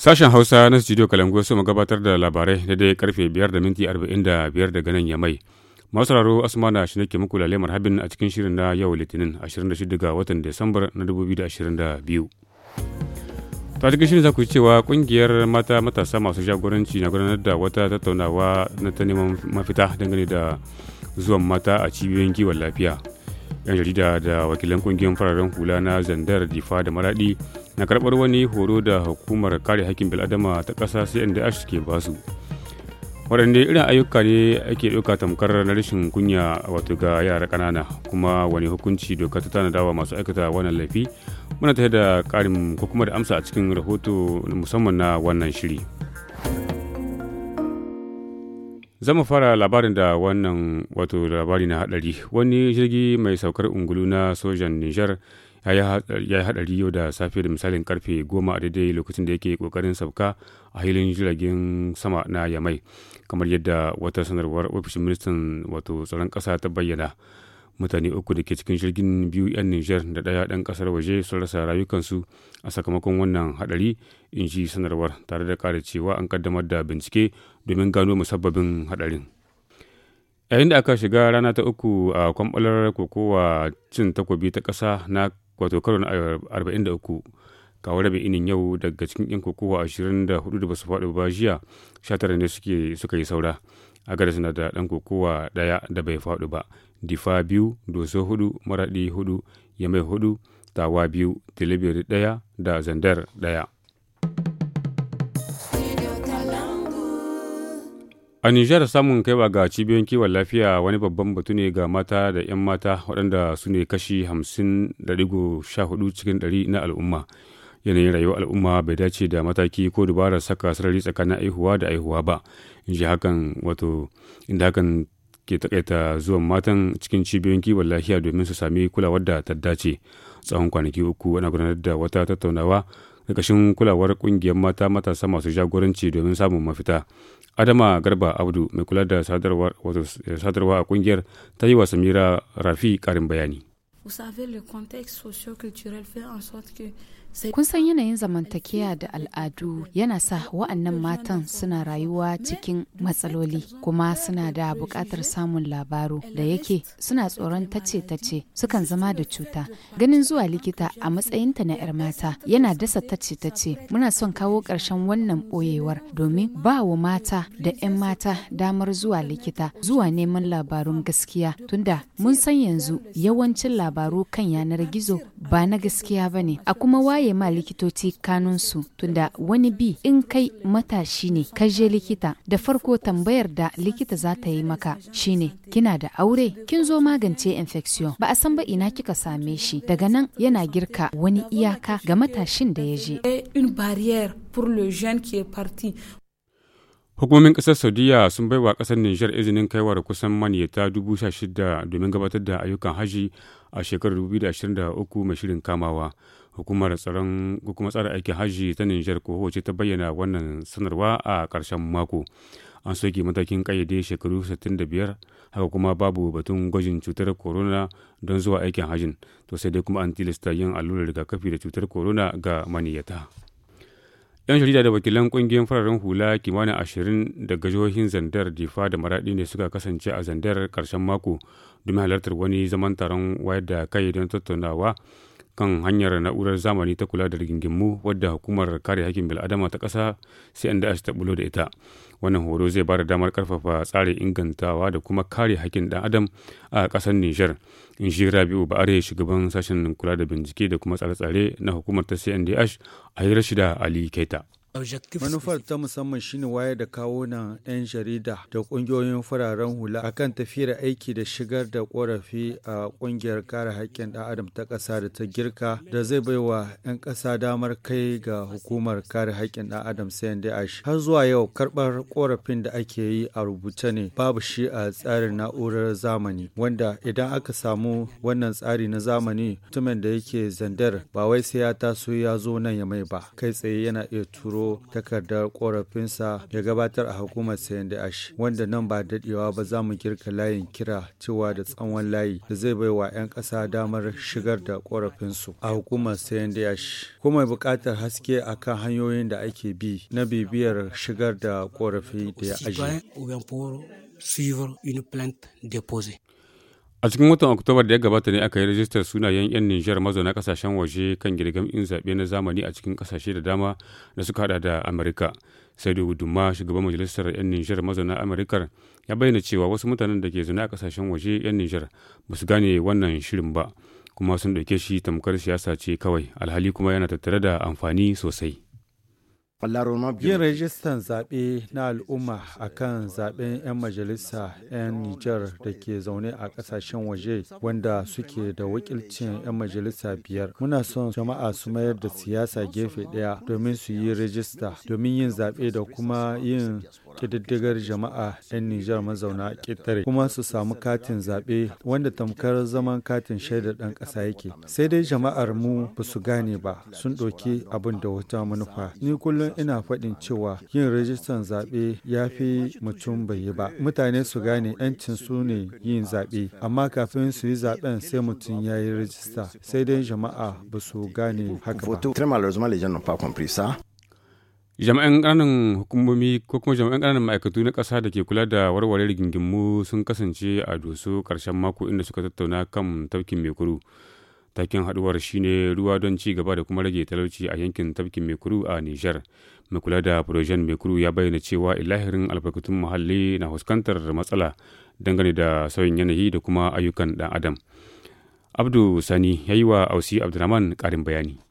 Sashen Hausa na Studio Kalangu su gabatar da labarai daidai karfe 5 da minti 45 daga nan Yamai. Masararo Asmana shi nake muku lalle habin a cikin shirin na yau Litinin 26 ga watan Desambar na 2022. ta cikin shirin za cewa kungiyar mata matasa masu jagoranci na gudanar da wata tattaunawa na ta neman mafita dangane da zuwan mata a cibiyoyin kiwon lafiya 'yan jarida da wakilan kungiyar fararen hula na zandar difa da maradi na karbar wani horo da hukumar kare hakkin bil'adama ta ƙasa cndh ke basu waɗanne irin ayyuka ne ake ɗauka tamkar na rashin kunya wato ga yara ƙanana kuma wani hukunci doka ta dawa masu aikata wannan laifi muna tare da ƙarin ko kuma da amsa a cikin rahoto musamman na wannan shiri. zamu fara labarin da wannan wato labari na hadari wani jirgi mai saukar ungulu na sojan niger ya yi hadari yau da safe da misalin karfe goma a daidai lokacin da yake kokarin sauka a hilin jiragen sama na yamai kamar yadda wata sanarwar ofishin ministan wato tsaron kasa ta bayyana mutane uku da ke cikin jirgin biyu 'yan niger da ɗaya ɗan ƙasar waje sun rasa rayukansu a sakamakon wannan haɗari in ji sanarwar tare da ƙara cewa an ƙaddamar da bincike domin gano musabbabin haɗarin yayin da aka shiga rana ta uku a kwambalar kokowa cin takobi ta ƙasa na wato karo na 43 kawo rabin inin yau daga cikin 'yan kokowa 24 da basu faɗi ba jiya 19 ne suka yi saura agar suna da ɗan kokowa ɗaya da bai faɗu ba difa biyu doso hudu maraɗi hudu yamai hudu tawa biyu tilibiri ɗaya da zandar ɗaya a nijar samun kaiwa ga cibiyoyin kiwon lafiya wani babban batu ne ga mata da 'yan mata waɗanda su ne kashi 50.14 cikin 100 na al'umma yanayin rayuwar al'umma bai dace da mataki ko dubarar saka sarari tsakanin aihuwa da aihuwa ba in ji hakan wato inda hakan ke takaita zuwan matan cikin cibiyoyin kiwon lafiya domin su sami kulawar da ta dace tsawon kwanaki uku ana gudanar da wata tattaunawa ƙarƙashin kulawar ƙungiyar mata matasa masu jagoranci domin samun mafita adama garba abdu mai kula da sadarwa a ƙungiyar ta yi wa samira rafi ƙarin bayani Vous le contexte fait kun san yanayin zamantakewa da al'adu yana sa wa'annan matan suna rayuwa cikin matsaloli kuma suna da buƙatar samun labaru da yake suna tsoron tace-tace sukan zama da cuta ganin zuwa likita a matsayinta na 'yar mata yana dasa tace-tace muna son kawo ƙarshen wannan ɓoyewar domin ba wa mata da 'yan mata damar zuwa likita zuwa neman labarun gaskiya tunda mun san yanzu yawancin labaru kan yanar gizo ba na gaskiya ba ne a kuma waye ma likitoci kanunsu tunda wani bi in kai matashi ne ka je likita da farko tambayar da likita za ta yi maka shine kina da aure kin zo magance infection ba a san ba ina kika same shi daga nan yana girka wani iyaka ga matashin da ya je Hukumomin kasar Saudiya sun bai wa ƙasar niger izinin kaiwar kusan maniyata dubu sha domin gabatar da ayyukan haji a shekarar 2023 mai shirin kamawa. Hukumar tsaron kuma tsara aikin hajji ta Nijar ko ce ta bayyana wannan sanarwa a ƙarshen mako. An soke matakin ƙayyade shekaru 65 haka kuma babu batun gwajin cutar corona don zuwa aikin hajjin. To sai dai kuma an tilasta yin allurar rigakafi da cutar corona ga maniyata. 'yan jarida da wakilan kungiyar fararen hula kimanin ashirin daga jihohin zandar difa da maraɗi ne suka kasance a zandar karshen mako domin halartar wani zaman taron wayar da kai don tattaunawa kan hanyar na'urar zamani ta kula da rigingimu wadda hukumar kare hakkin bil'adama ta ƙasa CNDH ta bulo da ita. Wannan horo zai bada damar ƙarfafa tsarin ingantawa da kuma kare hakkin ɗan adam a ƙasar Nijar. In shi Rabiu Ba'are shugaban sashen kula da bincike da kuma tsare-tsare na hukumar ta CNDH a yi shida Ali Keita. manufar ta musamman shine wayar da kawo nan 'yan jarida da kungiyoyin fararen hula akan tafiyar aiki da shigar da korafi a kungiyar kare haƙƙin ɗan adam ta ƙasa da ta girka da zai bai wa 'yan ƙasa damar kai ga hukumar kare haƙƙin ɗan adam cndh har zuwa yau karɓar korafin da ake yi a rubuta ne babu shi a tsarin na'urar zamani wanda idan aka samu wannan tsari na zamani mutumin da yake zandar ba wai sai ya taso ya zo nan ya mai ba kai tsaye yana iya turo tsaro takardar korafinsa ya gabatar a hukumar sayan da ash wanda nan ba dadewa ba za mu girka layin kira cewa da tsawon layi da zai bai wa 'yan ƙasa damar shigar da korafinsu a hukumar sayan da ash kuma buƙatar haske a kan hanyoyin da ake bi na bibiyar shigar da korafi da ya ajiye. A cikin watan Oktobar da ya gabata ne aka yi rajistar sunayen 'yan Nijar mazauna kasashen waje kan girgamin zaɓe na zamani a cikin kasashe da dama da suka hada da sai da guduma shugaban majalisar 'yan Nijar mazauna Amurkar, ya bayyana cewa wasu mutanen da ke zaune a kasashen waje 'yan Nijar ba su gane wannan shirin ba, kuma sun ɗauke shi tamkar siyasa ce kawai, alhali kuma yana tattare da amfani sosai. Yin rajistan zaɓe na al'umma a kan zaɓen 'yan majalisa 'yan Nijar da ke zaune a ƙasashen waje wanda suke da wakilcin 'yan majalisa biyar. Muna son jama'a su mayar da siyasa gefe ɗaya domin su yi rajista, domin yin zaɓe da kuma yin kididdigar jama'a 'yan Nijar mazauna ƙetare kuma su samu katin zaɓe wanda tamkar zaman katin shaidar ɗan ƙasa yake. Sai dai jama'ar mu ba su gane ba sun ɗauki abin da wata manufa. Ni kullum ina faɗin cewa yin rajistan zaɓe ya fi mutum bai yi ba. Mutane su gane 'yancin su ne yin zaɓe amma kafin su yi zaɓen sai mutum ya yi rajista sai dai jama'a ba su gane haka ba. jami'an ƙananan hukumomi ko kuma jami'an ƙananan ma'aikatu na ƙasa da ke kula da warware rigingimu sun kasance a doso ƙarshen mako inda suka tattauna kan tafkin mekuru takin haɗuwar shine ruwa don ci gaba da kuma rage talauci a yankin tafkin mekuru a nijar mai kula da projen mekuru ya bayyana cewa ilahirin albarkatun muhalli na fuskantar matsala dangane da sauyin yanayi da kuma ayyukan dan adam abdu sani ya yi wa ausi abdulrahman karin bayani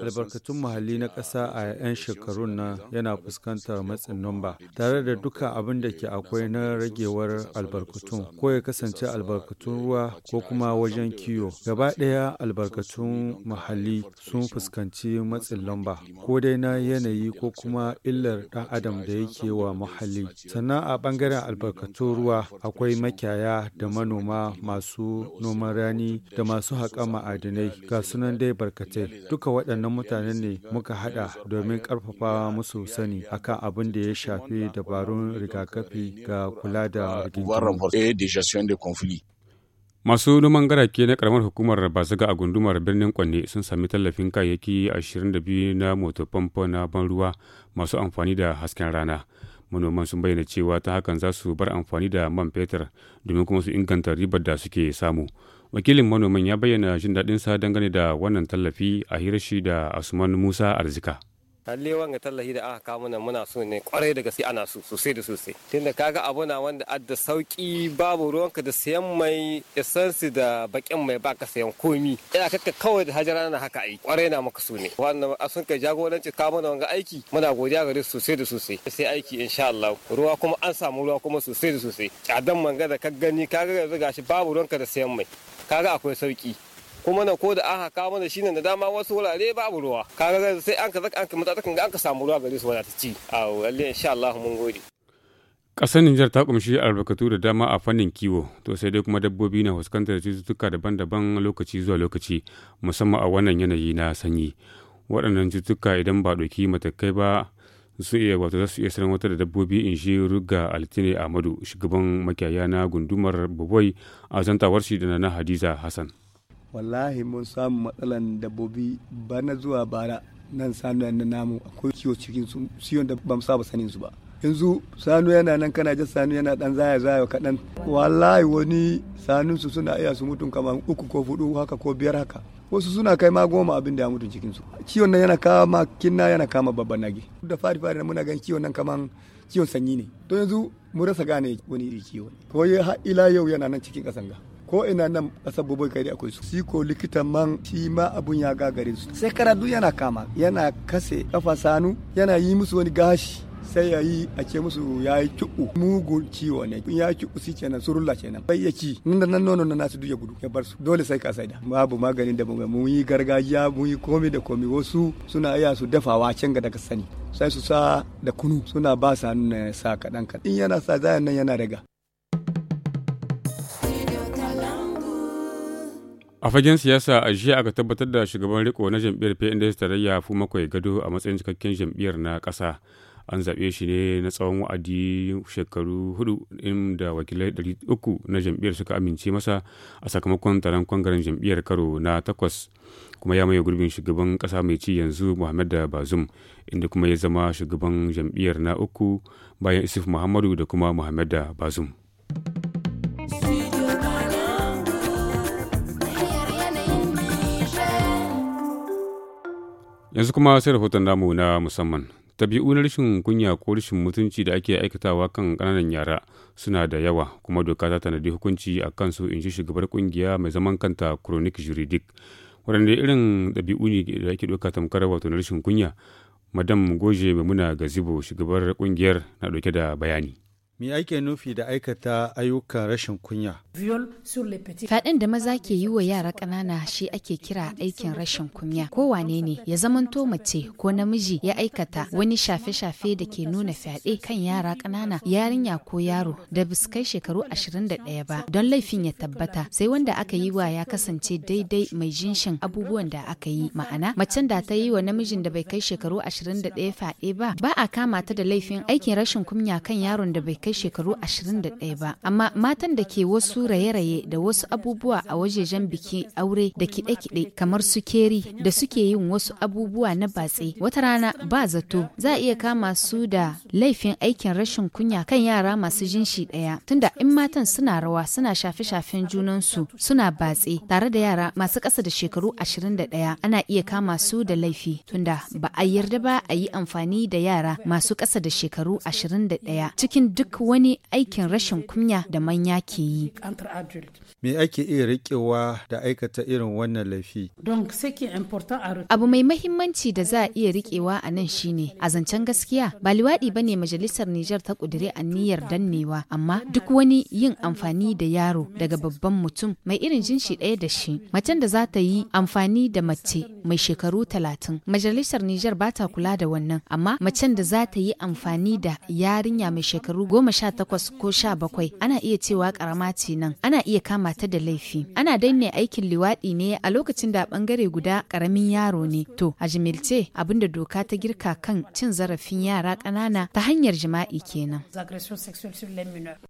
albarkatun muhalli na ƙasa a 'yan shekarun nan yana fuskantar matsin numba tare da duka abin da ke akwai na ragewar albarkatun ko ya kasance albarkatun ruwa ko kuma wajen kiyo gaba ɗaya albarkatun muhalli sun fuskanci matsin lamba ko dai na yanayi ko kuma illar ɗan adam da yake wa muhalli sannan a ɓangaren albarkatun ruwa akwai makiyaya da manoma masu noman rani da masu haƙa ma'adinai ga sunan dai barkatai Sosai duka waɗannan mutane ne muka haɗa domin ƙarfafa musu sani akan abin da ya shafi dabarun rigakafi ga kula da ah, rigakafi. Masu noman garake na karamar hukumar basaga a gundumar birnin Kwanne sun sami tallafin kayayyaki 22 na famfo na ban ruwa masu amfani da hasken rana. Manoman sun bayyana cewa ta hakan za su bar amfani da man fetur domin kuma su inganta ribar da suke samu. wakilin manoman ya bayyana jin daɗinsa dangane da wannan tallafi a hirashi da asuman musa arzika lalle wanga tallahi da aka kawo mana muna so ne kwarai da gaske ana so sosai da sosai tunda kaga abu na wanda adda sauki babu ruwanka da sayan mai esansi da bakin mai baka sayan komi ina kakka kawai da hajara na haka aiki kwarai na maka so ne wannan sun kai jagoranci ka mana wanga aiki muna godiya gare su sosai da sosai sai aiki insha Allah ruwa kuma an samu ruwa kuma sosai da sosai kyadan manga da ka gani kaga yanzu gashi babu ruwanka da sayan mai kaga akwai sauki kuma na ko da an haka mana shine na dama wasu wurare babu ruwa kaga sai an ka zaka an ka mutsa ga an ka samu ruwa gare su wala ta ci a wallahi insha Allah mun gode Ƙasar Nijar ta kumshi albarkatu da dama a fannin kiwo, to sai dai kuma dabbobi na fuskantar cututtuka daban-daban lokaci zuwa lokaci, musamman a wannan yanayi na sanyi. Waɗannan cututtuka idan ba ɗauki matakai ba su iya wato za su iya wata da dabbobi in shi ruga altine amadu shugaban makiyaya na gundumar buboi a zantawar shi da na hadiza hassan wallahi mun samu matsalan dabbobi bana zuwa bara nan sanu na namu akwai kiwo cikin su siyon da ba saba sanin su ba yanzu sanu yana nan kana jin sanu yana dan zaya zaya kaɗan wallahi wani sanunsu suna iya su mutum kamar uku ko hudu haka ko biyar haka wasu suna kai ma goma abin da ya mutu cikin su ciwon nan yana kama kinna yana kama babban nage da fari fari na muna gan ciwon nan kaman ciwon sanyi ne to yanzu mu rasa gane wani iri ciwo ko ya ila yau yana nan cikin kasan ga ko ina nan kasar boboi kai akwai su shi ko likitan man shi ma abun ya gagare su sai karadu yana kama yana kase kafa sanu yana yi musu wani gashi sai ya yi a ce musu ya yi kiɓu mugun ciwo ne in ya kiɓu si kenan surulla kenan bai ya ci nan nan nono na nasu duk gudu ya bar su dole sai ka saida babu maganin da mu yi gargajiya mu yi komi da komi wasu suna iya su dafawa can ga daga sani sai su sa da kunu suna ba sa nuna sa kaɗan kaɗan in yana sa zayan nan yana daga a fagen siyasa a jiya aka tabbatar da shugaban riko na jam'iyyar pnds tarayya makwai gado a matsayin cikakken jam'iyyar na ƙasa an zaɓe shi ne na tsawon wa'adi shekaru hudu inda wakilai uku na jam'iyyar suka amince masa a sakamakon taron kwangaren jam'iyyar karo na takwas kuma ya maye gurbin shugaban ƙasa mai ci yanzu muhammad da bazum inda kuma ya zama shugaban jam'iyyar na uku bayan isuf muhammadu da kuma muhammad da bazum yanzu kuma sai rahoton namu na musamman Ɗabi'u na rashin kunya ko rashin mutunci da ake aikatawa kan ƙananan yara suna da yawa kuma doka ta tanadi hukunci a kansu in ji shugabar kungiya mai zaman kanta Chronic Juridic. Waɗanda irin ɗabi'u ne da ake ɗauka tamkar wato na rashin kunya. Madam Goje ga zibo shugabar kungiyar na ɗauke da bayani. mi ake nufi da aikata ayyukan rashin kunya? Fadin da maza ke yi wa yara ƙanana shi ake kira aikin rashin kunya. wane ne ya zamanto mace ko namiji ya aikata wani shafe-shafe da ke nuna fyaɗe kan yara ƙanana yarinya ko yaro da bis kai shekaru 21 ba don laifin ya tabbata sai wanda aka yi wa ya kasance daidai mai jinshin abubuwan da aka yi ma'ana macen da ta yi wa namijin da bai kai shekaru 21 fyaɗe ba ba a kama ta da laifin aikin rashin kunya kan yaron da bai kai kai shekaru 21 ba, amma matan da ke wasu raye-raye da wasu abubuwa a wajejen biki aure da kiɗe-kiɗe kamar su keri da suke yin wasu abubuwa na batse wata rana ba zato za a iya kama su da laifin aikin rashin kunya kan yara masu jinshi ɗaya tunda in matan suna rawa suna shafe-shafen junansu suna batse tare da yara masu ƙasa da shekaru 21 ana iya kama su da laifi tunda ba a yarda ba a yi amfani da yara masu ƙasa da shekaru 21 cikin duk wani aikin rashin kunya da manya ke yi. Me ake iya riƙewa da aikata irin wannan laifi? Abu mai mahimmanci da za a iya riƙewa a nan shine a zancen gaskiya ba liwaɗi ba ne majalisar Nijar ta ƙudiri aniyar dannewa amma duk wani yin amfani da yaro daga babban mutum mai irin jinshi ɗaya da shi macen da za ta yi amfani da mace mai shekaru talatin majalisar Nijar ba ta kula da wannan amma macen da za ta yi amfani da yarinya mai shekaru goma goma sha takwas ko sha bakwai ana iya cewa karama ce nan ana iya kama ta da laifi ana danne aikin liwaɗi ne a lokacin da bangare guda karamin yaro ne to a jimilce abinda doka ta girka kan cin zarafin yara ƙanana ta hanyar jima'i kenan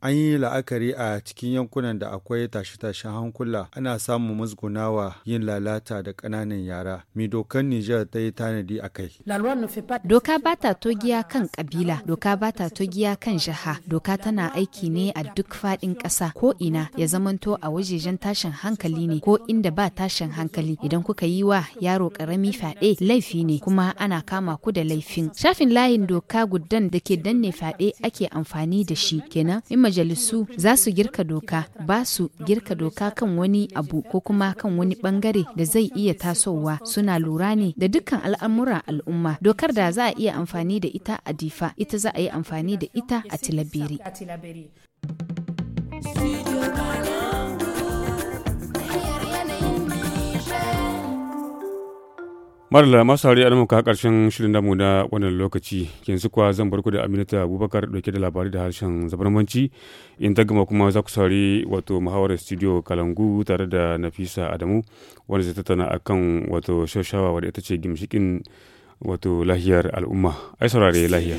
an yi la'akari a cikin yankunan da akwai tashe-tashen hankula ana samun musgunawa yin lalata da ƙananan yara mi dokan nijar ta yi tanadi a kai doka ba ta togiya kan kabila doka ba ta togiya kan jiha doka tana aiki ne a duk faɗin ƙasa ko ina ya zamanto a wajejen tashin hankali ne ko inda ba tashin hankali idan kuka yi wa yaro karami fyaɗe laifi ne kuma ana kama ku da laifin shafin layin doka guddan da ke danne fyaɗe ake amfani da shi kenan in majalisu za su girka doka ba su girka doka kan wani abu ko kuma kan wani bangare da zai iya tasowa suna lura ne da dukkan al'amuran al'umma dokar da za a iya amfani da ita a difa ita za a yi amfani da ita a tilabiri labiri. Marla masu hari an muka karshen shirin damu na wannan lokaci yanzu kuwa zan barku da Aminata Abubakar dauke da labari da harshen zabarmanci in ta gama kuma za ku saurari wato muhawarar studio Kalangu tare da Nafisa Adamu wanda zai tattauna akan wato shashawa wadda ita ce gimshikin wato lahiyar al'umma ai saurare lahiya.